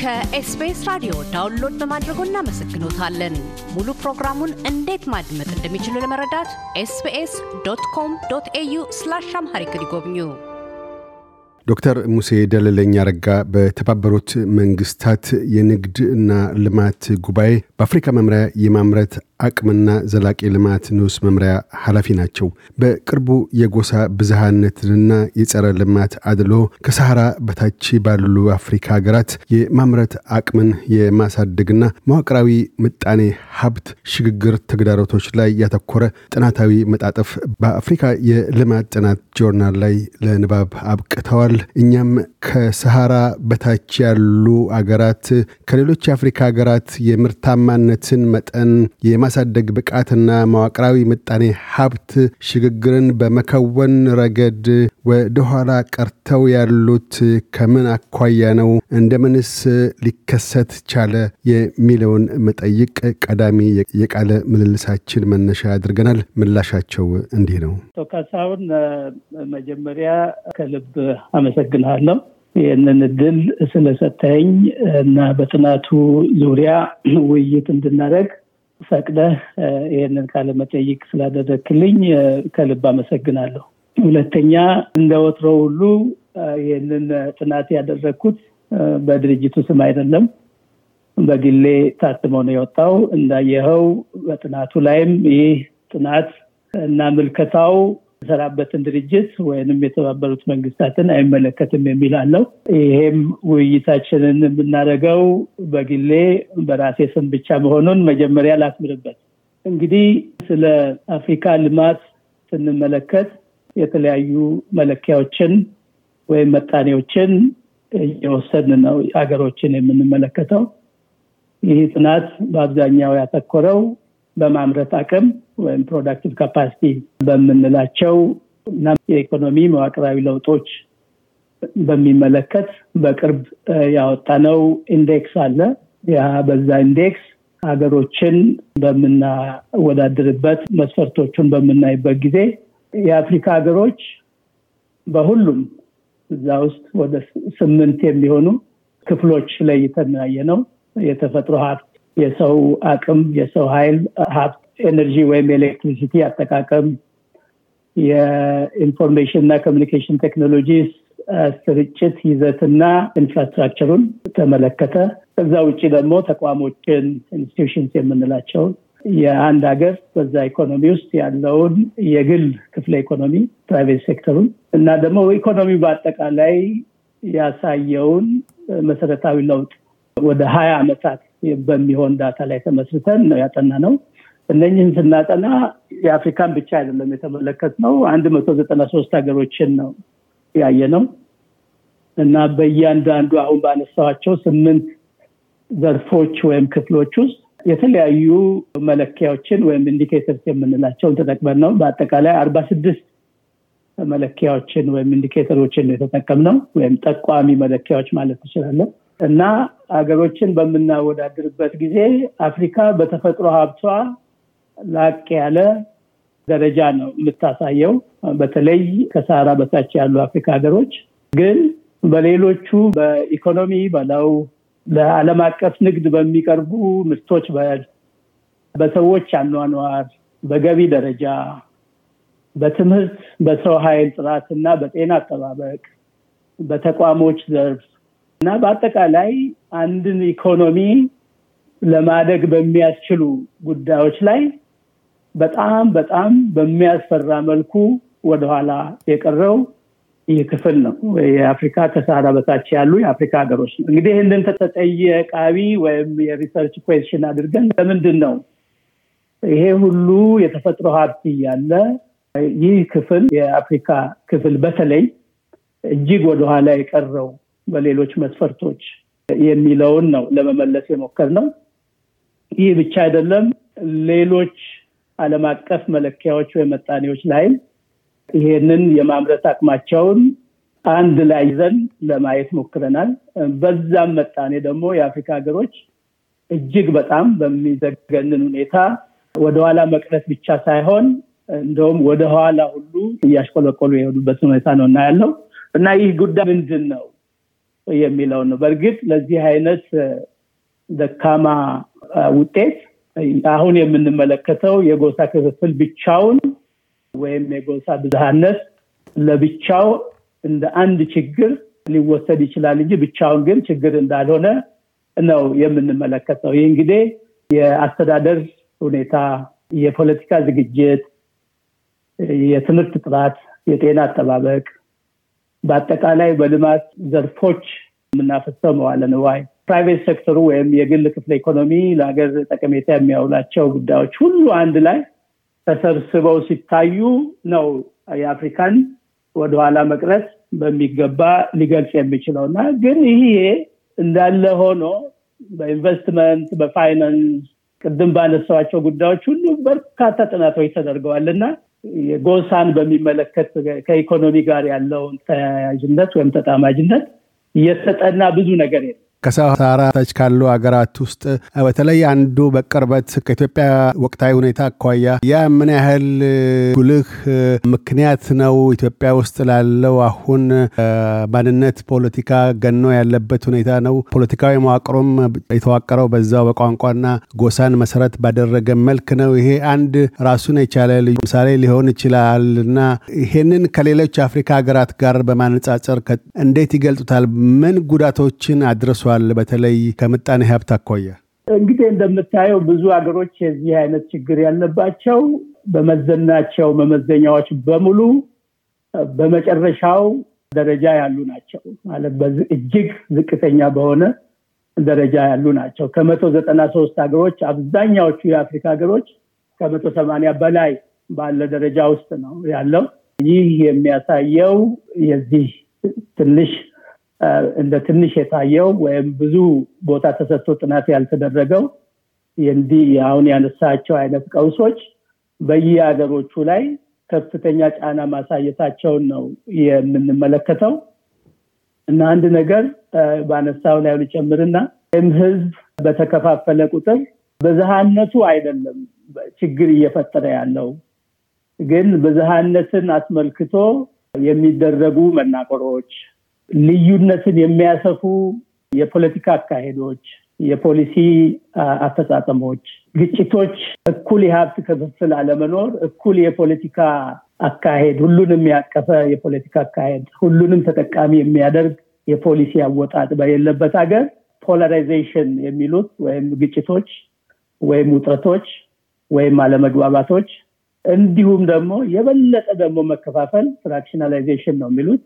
ከኤስቢኤስ ራዲዮ ዳውንሎድ በማድረጎ እናመሰግኖታለን። ሙሉ ፕሮግራሙን እንዴት ማድመጥ እንደሚችሉ ለመረዳት ኤስቢኤስ ዶት ኮም ዶት ኤዩ ስላሽ አምሃሪክ ይጎብኙ። ዶክተር ሙሴ ደለለኝ አረጋ በተባበሩት መንግስታት የንግድ እና ልማት ጉባኤ በአፍሪካ መምሪያ የማምረት አቅምና ዘላቂ ልማት ንዑስ መምሪያ ኃላፊ ናቸው። በቅርቡ የጎሳ ብዝሃነትንና የጸረ ልማት አድሎ ከሰሃራ በታች ባሉ አፍሪካ ሀገራት የማምረት አቅምን የማሳደግና መዋቅራዊ ምጣኔ ሀብት ሽግግር ተግዳሮቶች ላይ ያተኮረ ጥናታዊ መጣጠፍ በአፍሪካ የልማት ጥናት ጆርናል ላይ ለንባብ አብቅተዋል። እኛም ከሰሃራ በታች ያሉ አገራት ከሌሎች የአፍሪካ ሀገራት የምርታማነትን መጠን የማሳደግ ብቃትና መዋቅራዊ ምጣኔ ሀብት ሽግግርን በመከወን ረገድ ወደኋላ ቀርተው ያሉት ከምን አኳያ ነው? እንደምንስ ሊከሰት ቻለ? የሚለውን መጠይቅ ቀዳሚ የቃለ ምልልሳችን መነሻ አድርገናል። ምላሻቸው እንዲህ ነው። ካሳሁን፣ መጀመሪያ ከልብ አመሰግናለሁ ይህንን እድል ስለሰጠኝ እና በጥናቱ ዙሪያ ውይይት እንድናደርግ ፈቅደህ ይህንን ቃለ መጠይቅ ስላደረክልኝ ከልብ አመሰግናለሁ። ሁለተኛ እንደ ወትሮ ሁሉ ይህንን ጥናት ያደረግኩት በድርጅቱ ስም አይደለም፣ በግሌ ታትሞ ነው የወጣው። እንዳየኸው በጥናቱ ላይም ይህ ጥናት እና ምልከታው የምንሰራበትን ድርጅት ወይንም የተባበሩት መንግስታትን አይመለከትም የሚል አለው። ይሄም ውይይታችንን የምናደርገው በግሌ በራሴ ስም ብቻ መሆኑን መጀመሪያ ላስምርበት። እንግዲህ ስለ አፍሪካ ልማት ስንመለከት የተለያዩ መለኪያዎችን ወይም መጣኔዎችን እየወሰድን ነው ሀገሮችን የምንመለከተው። ይህ ጥናት በአብዛኛው ያተኮረው በማምረት አቅም ወይም ፕሮዳክቲቭ ካፓሲቲ በምንላቸው እና የኢኮኖሚ መዋቅራዊ ለውጦች በሚመለከት በቅርብ ያወጣነው ኢንዴክስ አለ። ያ በዛ ኢንዴክስ ሀገሮችን በምናወዳድርበት መስፈርቶቹን በምናይበት ጊዜ የአፍሪካ ሀገሮች በሁሉም እዛ ውስጥ ወደ ስምንት የሚሆኑ ክፍሎች ለይተን ያየ ነው። የተፈጥሮ ሀብት የሰው አቅም፣ የሰው ኃይል፣ ሀብት፣ ኤነርጂ ወይም ኤሌክትሪሲቲ አጠቃቀም፣ የኢንፎርሜሽን እና ኮሚኒኬሽን ቴክኖሎጂ ስርጭት ይዘትና ኢንፍራስትራክቸሩን ተመለከተ። ከዛ ውጭ ደግሞ ተቋሞችን ኢንስቲትዩሽንስ የምንላቸው የአንድ ሀገር በዛ ኢኮኖሚ ውስጥ ያለውን የግል ክፍለ ኢኮኖሚ ፕራይቬት ሴክተሩን እና ደግሞ ኢኮኖሚ በአጠቃላይ ያሳየውን መሰረታዊ ለውጥ ወደ ሀያ ዓመታት በሚሆን ዳታ ላይ ተመስርተን ነው ያጠና ነው። እነኝህን ስናጠና የአፍሪካን ብቻ አይደለም የተመለከት ነው። አንድ መቶ ዘጠና ሶስት ሀገሮችን ነው ያየ ነው እና በእያንዳንዱ አሁን ባነሳኋቸው ስምንት ዘርፎች ወይም ክፍሎች ውስጥ የተለያዩ መለኪያዎችን ወይም ኢንዲኬተርስ የምንላቸውን ተጠቅመን ነው። በአጠቃላይ አርባ ስድስት መለኪያዎችን ወይም ኢንዲኬተሮችን ነው የተጠቀምነው ወይም ጠቋሚ መለኪያዎች ማለት ትችላለን። እና ሀገሮችን በምናወዳድርበት ጊዜ አፍሪካ በተፈጥሮ ሀብቷ ላቅ ያለ ደረጃ ነው የምታሳየው። በተለይ ከሳራ በታች ያሉ አፍሪካ ሀገሮች ግን በሌሎቹ በኢኮኖሚ በለው ለዓለም አቀፍ ንግድ በሚቀርቡ ምርቶች በል በሰዎች አኗኗር፣ በገቢ ደረጃ፣ በትምህርት፣ በሰው ኃይል ጥራት እና በጤና አጠባበቅ፣ በተቋሞች ዘርፍ እና በአጠቃላይ አንድን ኢኮኖሚ ለማደግ በሚያስችሉ ጉዳዮች ላይ በጣም በጣም በሚያስፈራ መልኩ ወደኋላ የቀረው ይህ ክፍል ነው። የአፍሪካ ከሰሃራ በታች ያሉ የአፍሪካ ሀገሮች ነው። እንግዲህ ይህንን ተጠየቃቢ ወይም የሪሰርች ኮሽን አድርገን ለምንድን ነው ይሄ ሁሉ የተፈጥሮ ሀብት እያለ ይህ ክፍል የአፍሪካ ክፍል በተለይ እጅግ ወደኋላ የቀረው በሌሎች መስፈርቶች የሚለውን ነው ለመመለስ የሞከር ነው። ይህ ብቻ አይደለም። ሌሎች ዓለም አቀፍ መለኪያዎች ወይም መጣኔዎች ላይ ይሄንን የማምረት አቅማቸውን አንድ ላይ ይዘን ለማየት ሞክረናል። በዛም መጣኔ ደግሞ የአፍሪካ ሀገሮች እጅግ በጣም በሚዘገንን ሁኔታ ወደኋላ መቅረት ብቻ ሳይሆን እንደውም ወደኋላ ሁሉ እያሽቆለቆሉ የሄዱበት ሁኔታ ነው እና ያለው እና ይህ ጉዳይ ምንድን ነው የሚለውን ነው። በእርግጥ ለዚህ አይነት ደካማ ውጤት አሁን የምንመለከተው የጎሳ ክፍፍል ብቻውን ወይም የጎሳ ብዝሃነት ለብቻው እንደ አንድ ችግር ሊወሰድ ይችላል እንጂ ብቻውን ግን ችግር እንዳልሆነ ነው የምንመለከተው። ይህ እንግዲህ የአስተዳደር ሁኔታ፣ የፖለቲካ ዝግጅት፣ የትምህርት ጥራት፣ የጤና አጠባበቅ በአጠቃላይ በልማት ዘርፎች የምናፈሰው መዋለ ንዋይ ፕራይቬት ሴክተሩ ወይም የግል ክፍለ ኢኮኖሚ ለሀገር ጠቀሜታ የሚያውላቸው ጉዳዮች ሁሉ አንድ ላይ ተሰብስበው ሲታዩ ነው የአፍሪካን ወደኋላ መቅረት በሚገባ ሊገልጽ የሚችለው እና ግን ይሄ እንዳለ ሆኖ በኢንቨስትመንት በፋይናንስ ቅድም ባነሳዋቸው ጉዳዮች ሁሉ በርካታ ጥናቶች ተደርገዋል እና ጎሳን በሚመለከት ከኢኮኖሚ ጋር ያለውን ተያያዥነት ወይም ተጣማጅነት እየተጠና ብዙ ነገር የለም። ከሰሃራ በታች ካሉ ሀገራት ውስጥ በተለይ አንዱ በቅርበት ከኢትዮጵያ ወቅታዊ ሁኔታ አኳያ ያ ምን ያህል ጉልህ ምክንያት ነው ኢትዮጵያ ውስጥ ላለው አሁን ማንነት ፖለቲካ ገኖ ያለበት ሁኔታ ነው። ፖለቲካዊ መዋቅሩም የተዋቀረው በዛው በቋንቋና ጎሳን መሰረት ባደረገ መልክ ነው። ይሄ አንድ ራሱን የቻለ ልዩ ምሳሌ ሊሆን ይችላል እና ይሄንን ከሌሎች አፍሪካ ሀገራት ጋር በማነጻጸር እንዴት ይገልጡታል? ምን ጉዳቶችን አድረሷል ተብሏል። በተለይ ከምጣኔ ሀብት አኳያ እንግዲህ እንደምታየው ብዙ ሀገሮች የዚህ አይነት ችግር ያለባቸው በመዘናቸው መመዘኛዎች በሙሉ በመጨረሻው ደረጃ ያሉ ናቸው። ማለት እጅግ ዝቅተኛ በሆነ ደረጃ ያሉ ናቸው። ከመቶ ዘጠና ሶስት ሀገሮች አብዛኛዎቹ የአፍሪካ ሀገሮች ከመቶ ሰማንያ በላይ ባለ ደረጃ ውስጥ ነው ያለው። ይህ የሚያሳየው የዚህ ትንሽ እንደ ትንሽ የታየው ወይም ብዙ ቦታ ተሰጥቶ ጥናት ያልተደረገው እንዲህ አሁን ያነሳቸው አይነት ቀውሶች በየሀገሮቹ ላይ ከፍተኛ ጫና ማሳየታቸውን ነው የምንመለከተው እና አንድ ነገር በአነሳው ላይ ልጨምርና ወይም ህዝብ በተከፋፈለ ቁጥር ብዝሃነቱ አይደለም ችግር እየፈጠረ ያለው ግን ብዝሃነትን አስመልክቶ የሚደረጉ መናቆሮች ልዩነትን የሚያሰፉ የፖለቲካ አካሄዶች፣ የፖሊሲ አፈጻጸሞች፣ ግጭቶች፣ እኩል የሀብት ክፍፍል አለመኖር፣ እኩል የፖለቲካ አካሄድ፣ ሁሉንም ያቀፈ የፖለቲካ አካሄድ፣ ሁሉንም ተጠቃሚ የሚያደርግ የፖሊሲ አወጣጥ በሌለበት ሀገር ፖላራይዜሽን የሚሉት ወይም ግጭቶች ወይም ውጥረቶች ወይም አለመግባባቶች እንዲሁም ደግሞ የበለጠ ደግሞ መከፋፈል ፍራክሽናላይዜሽን ነው የሚሉት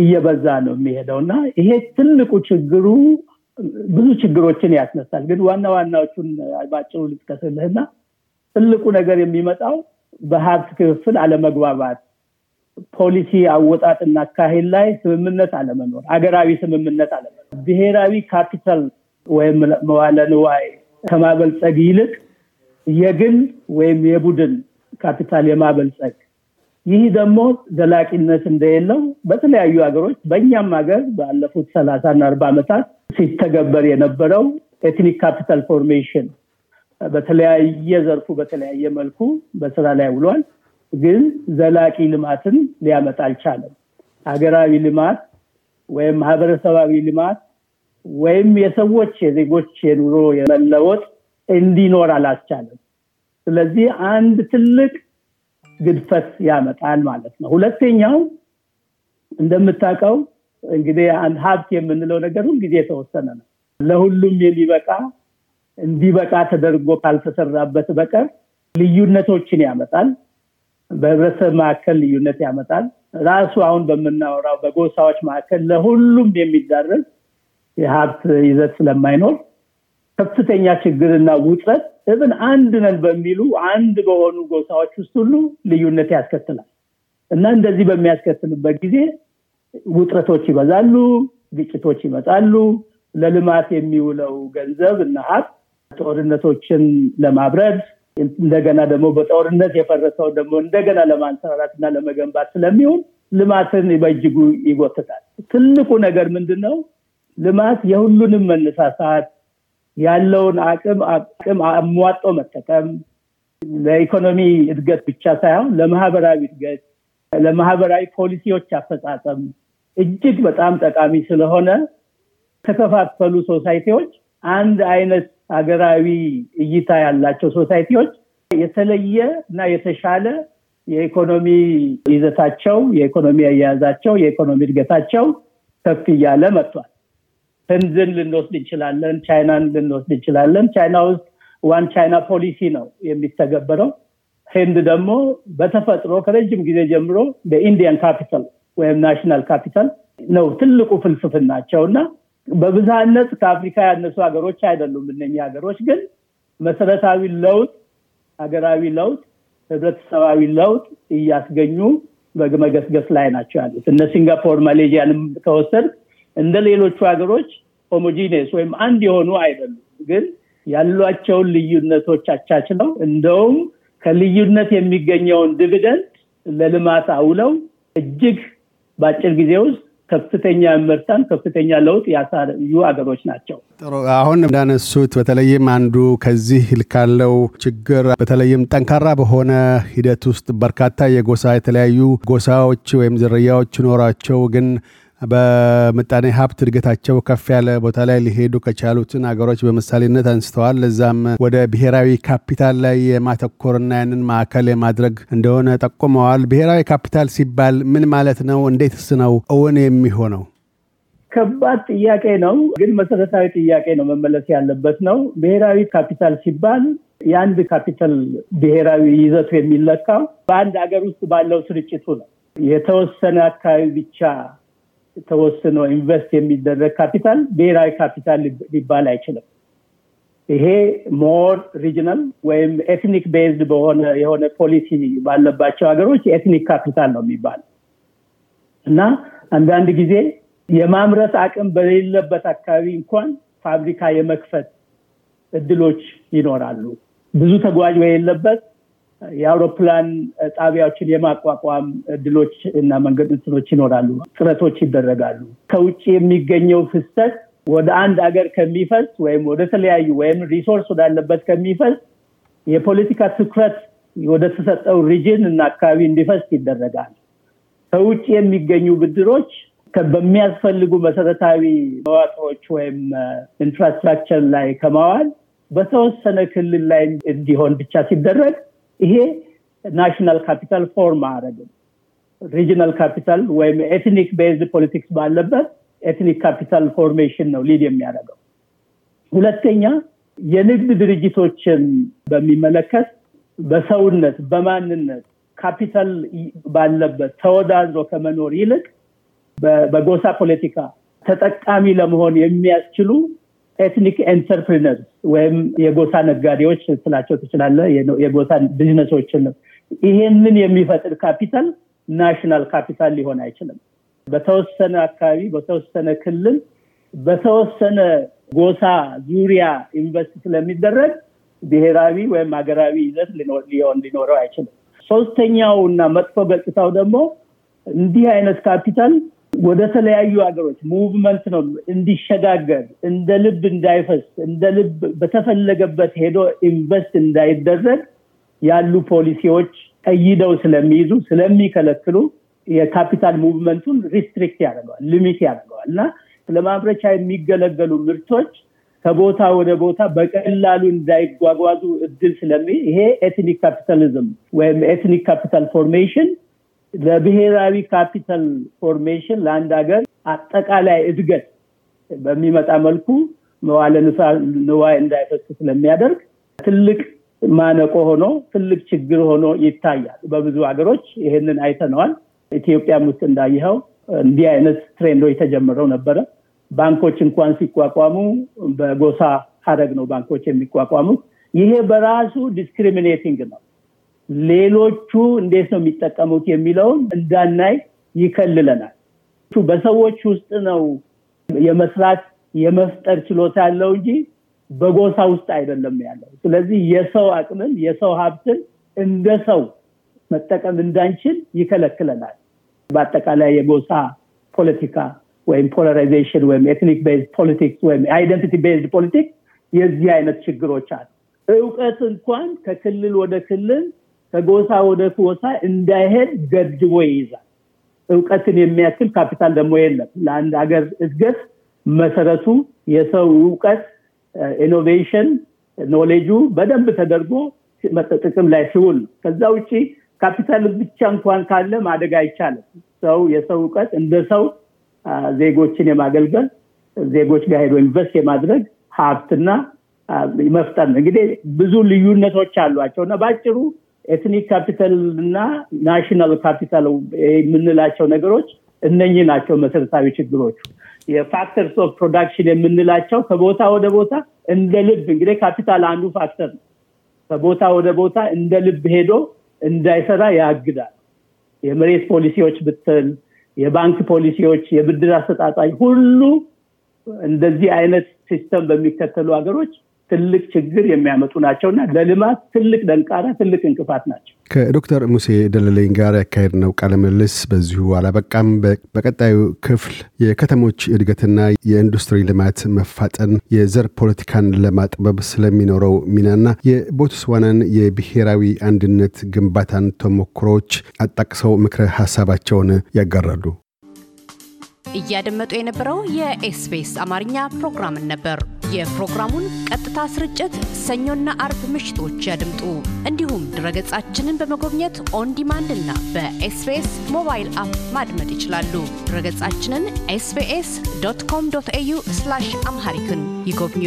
እየበዛ ነው የሚሄደው እና ይሄ ትልቁ ችግሩ ብዙ ችግሮችን ያስነሳል። ግን ዋና ዋናዎቹን ባጭሩ ልጥቀስልህና ትልቁ ነገር የሚመጣው በሀብት ክፍፍል አለመግባባት፣ ፖሊሲ አወጣጥና አካሄድ ላይ ስምምነት አለመኖር፣ አገራዊ ስምምነት አለመኖር፣ ብሔራዊ ካፒታል ወይም መዋለ ንዋይ ከማበልጸግ ይልቅ የግል ወይም የቡድን ካፒታል የማበልጸግ ይህ ደግሞ ዘላቂነት እንደሌለው በተለያዩ ሀገሮች በእኛም ሀገር ባለፉት ሰላሳና አርባ ዓመታት ሲተገበር የነበረው ኤትኒክ ካፒታል ፎርሜሽን በተለያየ ዘርፉ በተለያየ መልኩ በስራ ላይ ውሏል። ግን ዘላቂ ልማትን ሊያመጣ አልቻለም። ሀገራዊ ልማት ወይም ማህበረሰባዊ ልማት ወይም የሰዎች የዜጎች የኑሮ የመለወጥ እንዲኖር አላስቻለም። ስለዚህ አንድ ትልቅ ግድፈት ያመጣል ማለት ነው ሁለተኛው እንደምታውቀው እንግዲህ አንድ ሀብት የምንለው ነገር ሁልጊዜ የተወሰነ ነው ለሁሉም የሚበቃ እንዲበቃ ተደርጎ ካልተሰራበት በቀር ልዩነቶችን ያመጣል በህብረተሰብ መካከል ልዩነት ያመጣል ራሱ አሁን በምናወራው በጎሳዎች መካከል ለሁሉም የሚዳረግ የሀብት ይዘት ስለማይኖር ከፍተኛ ችግርና ውጥረት እብን አንድ ነን በሚሉ አንድ በሆኑ ጎሳዎች ውስጥ ሁሉ ልዩነት ያስከትላል እና እንደዚህ በሚያስከትልበት ጊዜ ውጥረቶች ይበዛሉ ግጭቶች ይመጣሉ ለልማት የሚውለው ገንዘብ እና ሀብ ጦርነቶችን ለማብረድ እንደገና ደግሞ በጦርነት የፈረሰው ደግሞ እንደገና ለማንሰራራት እና ለመገንባት ስለሚሆን ልማትን በእጅጉ ይጎትታል ትልቁ ነገር ምንድን ነው ልማት የሁሉንም መነሳሳት ያለውን አቅም አቅም አሟጦ መጠቀም ለኢኮኖሚ እድገት ብቻ ሳይሆን ለማህበራዊ እድገት፣ ለማህበራዊ ፖሊሲዎች አፈጻጸም እጅግ በጣም ጠቃሚ ስለሆነ ከተፋፈሉ ሶሳይቲዎች አንድ አይነት ሀገራዊ እይታ ያላቸው ሶሳይቲዎች የተለየ እና የተሻለ የኢኮኖሚ ይዘታቸው፣ የኢኮኖሚ አያያዛቸው፣ የኢኮኖሚ እድገታቸው ከፍ እያለ መጥቷል። ህንዝን ልንወስድ እንችላለን፣ ቻይናን ልንወስድ እንችላለን። ቻይና ውስጥ ዋን ቻይና ፖሊሲ ነው የሚተገበረው። ህንድ ደግሞ በተፈጥሮ ከረጅም ጊዜ ጀምሮ በኢንዲያን ካፒታል ወይም ናሽናል ካፒታል ነው ትልቁ ፍልስፍናቸው እና በብዛነት ከአፍሪካ ያነሱ ሀገሮች አይደሉም። እነኚ ሀገሮች ግን መሰረታዊ ለውጥ፣ ሀገራዊ ለውጥ፣ ህብረተሰባዊ ለውጥ እያስገኙ በግመገስገስ ላይ ናቸው ያሉት። እነ ሲንጋፖር ማሌዥያንም ከወሰድ እንደ ሌሎቹ ሀገሮች ሆሞጂኔስ ወይም አንድ የሆኑ አይደሉም። ግን ያሏቸውን ልዩነቶች ነው እንደውም ከልዩነት የሚገኘውን ዲቪደንድ ለልማት አውለው እጅግ በአጭር ጊዜ ውስጥ ከፍተኛ ምርታን ከፍተኛ ለውጥ ያሳዩ ሀገሮች ናቸው። ጥሩ። አሁን እንዳነሱት በተለይም አንዱ ከዚህ ካለው ችግር በተለይም ጠንካራ በሆነ ሂደት ውስጥ በርካታ የጎሳ የተለያዩ ጎሳዎች ወይም ዝርያዎች ኖሯቸው ግን በምጣኔ ሀብት እድገታቸው ከፍ ያለ ቦታ ላይ ሊሄዱ ከቻሉትን አገሮች በምሳሌነት አንስተዋል። ለዛም ወደ ብሔራዊ ካፒታል ላይ የማተኮርና ያንን ማዕከል የማድረግ እንደሆነ ጠቁመዋል። ብሔራዊ ካፒታል ሲባል ምን ማለት ነው? እንዴትስ ነው እውን የሚሆነው? ከባድ ጥያቄ ነው፣ ግን መሰረታዊ ጥያቄ ነው፣ መመለስ ያለበት ነው። ብሔራዊ ካፒታል ሲባል የአንድ ካፒታል ብሔራዊ ይዘቱ የሚለካው በአንድ ሀገር ውስጥ ባለው ስርጭቱ ነው። የተወሰነ አካባቢ ብቻ ተወስኖ ኢንቨስት የሚደረግ ካፒታል ብሔራዊ ካፒታል ሊባል አይችልም። ይሄ ሞር ሪጅናል ወይም ኤትኒክ ቤዝድ በሆነ የሆነ ፖሊሲ ባለባቸው ሀገሮች ኤትኒክ ካፒታል ነው የሚባል እና አንዳንድ ጊዜ የማምረት አቅም በሌለበት አካባቢ እንኳን ፋብሪካ የመክፈት እድሎች ይኖራሉ። ብዙ ተጓዥ የሌለበት የአውሮፕላን ጣቢያዎችን የማቋቋም እድሎች እና መንገድ እንትኖች ይኖራሉ፣ ጥረቶች ይደረጋሉ። ከውጭ የሚገኘው ፍሰት ወደ አንድ ሀገር ከሚፈስ ወይም ወደ ተለያዩ ወይም ሪሶርስ ወዳለበት ከሚፈስ የፖለቲካ ትኩረት ወደ ተሰጠው ሪጅን እና አካባቢ እንዲፈስ ይደረጋል። ከውጭ የሚገኙ ብድሮች በሚያስፈልጉ መሰረታዊ መዋቅሮች ወይም ኢንፍራስትራክቸር ላይ ከማዋል በተወሰነ ክልል ላይ እንዲሆን ብቻ ሲደረግ ይሄ ናሽናል ካፒታል ፎርም አያደረግም። ሪጅናል ካፒታል ወይም ኤትኒክ ቤዝድ ፖለቲክስ ባለበት ኤትኒክ ካፒታል ፎርሜሽን ነው ሊድ የሚያደርገው። ሁለተኛ የንግድ ድርጅቶችን በሚመለከት በሰውነት በማንነት ካፒታል ባለበት ተወዳድሮ ከመኖር ይልቅ በጎሳ ፖለቲካ ተጠቃሚ ለመሆን የሚያስችሉ ኤትኒክ ኤንተርፕሪነርስ ወይም የጎሳ ነጋዴዎች ስላቸው ትችላለ የጎሳ ቢዝነሶችን ነው። ይሄንን የሚፈጥር ካፒታል ናሽናል ካፒታል ሊሆን አይችልም። በተወሰነ አካባቢ፣ በተወሰነ ክልል፣ በተወሰነ ጎሳ ዙሪያ ኢንቨስት ስለሚደረግ ብሔራዊ ወይም ሀገራዊ ይዘት ሊሆን ሊኖረው አይችልም። ሶስተኛው እና መጥፎ ገጽታው ደግሞ እንዲህ አይነት ካፒታል ወደ ተለያዩ ሀገሮች ሙቭመንት ነው እንዲሸጋገር እንደ ልብ እንዳይፈስ እንደ ልብ በተፈለገበት ሄዶ ኢንቨስት እንዳይደረግ ያሉ ፖሊሲዎች ቀይደው ስለሚይዙ ስለሚከለክሉ የካፒታል ሙቭመንቱን ሪስትሪክት ያደርገዋል፣ ሊሚት ያደርገዋል እና ለማምረቻ የሚገለገሉ ምርቶች ከቦታ ወደ ቦታ በቀላሉ እንዳይጓጓዙ እድል ስለሚ ይሄ ኤትኒክ ካፒታሊዝም ወይም ኤትኒክ ካፒታል ፎርሜሽን ለብሔራዊ ካፒታል ፎርሜሽን ለአንድ ሀገር አጠቃላይ እድገት በሚመጣ መልኩ መዋለ ንዋይ እንዳይፈስ ስለሚያደርግ ትልቅ ማነቆ ሆኖ ትልቅ ችግር ሆኖ ይታያል። በብዙ ሀገሮች ይህንን አይተነዋል። ኢትዮጵያም ውስጥ እንዳይኸው እንዲህ አይነት ትሬንዶች የተጀምረው ነበረ። ባንኮች እንኳን ሲቋቋሙ በጎሳ ሀረግ ነው ባንኮች የሚቋቋሙት። ይሄ በራሱ ዲስክሪሚኔቲንግ ነው። ሌሎቹ እንዴት ነው የሚጠቀሙት የሚለውን እንዳናይ ይከልለናል። በሰዎች ውስጥ ነው የመስራት የመፍጠር ችሎታ ያለው እንጂ በጎሳ ውስጥ አይደለም ያለው። ስለዚህ የሰው አቅምን የሰው ሀብትን እንደ ሰው መጠቀም እንዳንችል ይከለክለናል። በአጠቃላይ የጎሳ ፖለቲካ ወይም ፖላራይዜሽን ወይም ኤትኒክ ቤዝድ ፖለቲክስ ወይም አይደንቲቲ ቤዝድ ፖለቲክስ የዚህ አይነት ችግሮች አሉ። እውቀት እንኳን ከክልል ወደ ክልል ከጎሳ ወደ ጎሳ እንዳይሄድ ገድቦ ይይዛል። እውቀትን የሚያክል ካፒታል ደግሞ የለም። ለአንድ ሀገር እድገት መሰረቱ የሰው እውቀት፣ ኢኖቬሽን፣ ኖሌጁ በደንብ ተደርጎ ጥቅም ላይ ሲውል ነው። ከዛ ውጭ ካፒታል ብቻ እንኳን ካለ ማደግ አይቻልም። ሰው የሰው እውቀት እንደ ሰው ዜጎችን የማገልገል ዜጎች ጋር ሄዶ ኢንቨስት የማድረግ ሀብትና መፍጠር ነው። እንግዲህ ብዙ ልዩነቶች አሏቸው እና በአጭሩ ኤትኒክ ካፒታል እና ናሽናል ካፒታል የምንላቸው ነገሮች እነኚህ ናቸው መሰረታዊ ችግሮቹ። የፋክተርስ ኦፍ ፕሮዳክሽን የምንላቸው ከቦታ ወደ ቦታ እንደ ልብ እንግዲህ ካፒታል አንዱ ፋክተር ነው። ከቦታ ወደ ቦታ እንደ ልብ ሄዶ እንዳይሰራ ያግዳል። የመሬት ፖሊሲዎች ብትል፣ የባንክ ፖሊሲዎች፣ የብድር አሰጣጣኝ ሁሉ እንደዚህ አይነት ሲስተም በሚከተሉ ሀገሮች ትልቅ ችግር የሚያመጡ ናቸው እና ለልማት ትልቅ ደንቃራ፣ ትልቅ እንቅፋት ናቸው። ከዶክተር ሙሴ ደለለኝ ጋር ያካሄድ ነው ቃለምልስ በዚሁ አላበቃም። በቀጣዩ ክፍል የከተሞች እድገትና የኢንዱስትሪ ልማት መፋጠን የዘር ፖለቲካን ለማጥበብ ስለሚኖረው ሚናና የቦትስዋናን የብሔራዊ አንድነት ግንባታን ተሞክሮች አጣቅሰው ምክረ ሀሳባቸውን ያጋራሉ። እያደመጡ የነበረው የኤስፔስ አማርኛ ፕሮግራምን ነበር። የፕሮግራሙን ቀጥታ ስርጭት ሰኞና አርብ ምሽቶች ያድምጡ። እንዲሁም ድረገጻችንን በመጎብኘት ኦንዲማንድ እና በኤስቤስ ሞባይል አፕ ማድመጥ ይችላሉ። ድረገጻችንን ኤስቤስ ዶት ኮም ዶት ኤዩ አምሃሪክን ይጎብኙ።